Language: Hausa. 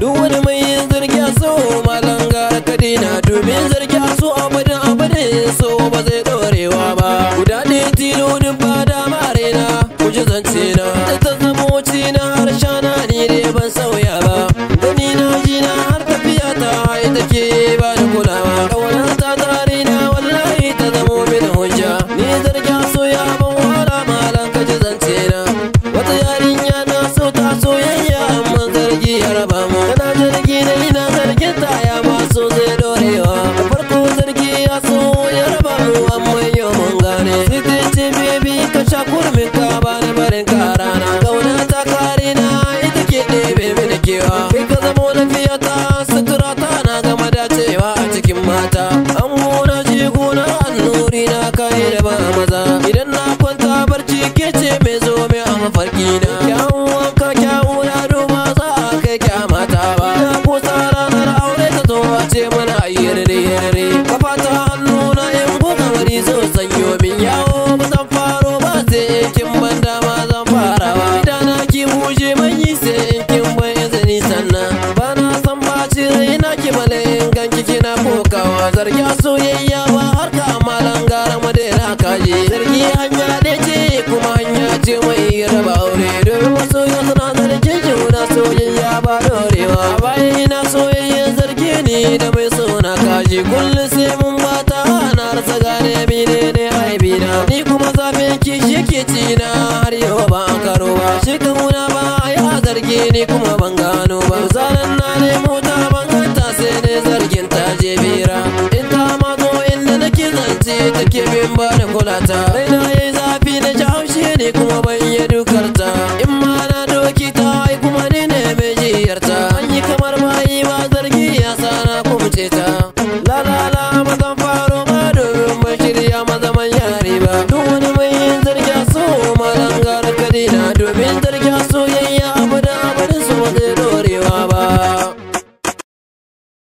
duk wani mai yin zargi a so ka dina domin zirgin a so abadin abadin so ba zai ɗorewa ba guda ɗaya tilo duk ba dama raina ku ji zance na da ta zamo ci na harsha ni dai ban sauya ba gani na ji na har tafiya ta ita ke maza an hura jiguna annuri na kai da ba maza idan na kwanta barci ke ce mai zo mai a mafarki na kyawun wanka kyawun ado ba za a kai mata ba na kusa ranar aure ta zo a ce mana ayyarre yarre ka fata hannu na yan kuka wani zo sanyo min yawo ba zan faro ba sai in kin ban dama zan fara ba idana ki bushe manyi sai in kin ban izini sannan ba na san ba ci rai na ki zargi soyayya ba har ka malan gara madera kaje zargi hanya da ce kuma hanya ce mai raba aure domin wasu yau suna zargin juna soyayya ba dorewa bayan ina soyayya zargi ne da mai suna kaji kullum sai mun bata na rasa gane mine ne haibina ni kuma zafin kishi ke ci na har yau ba karo ba shi kamuna ba ya zargi ni kuma ban gano ba ta raina yi zafi na ji haushe ne kuma bai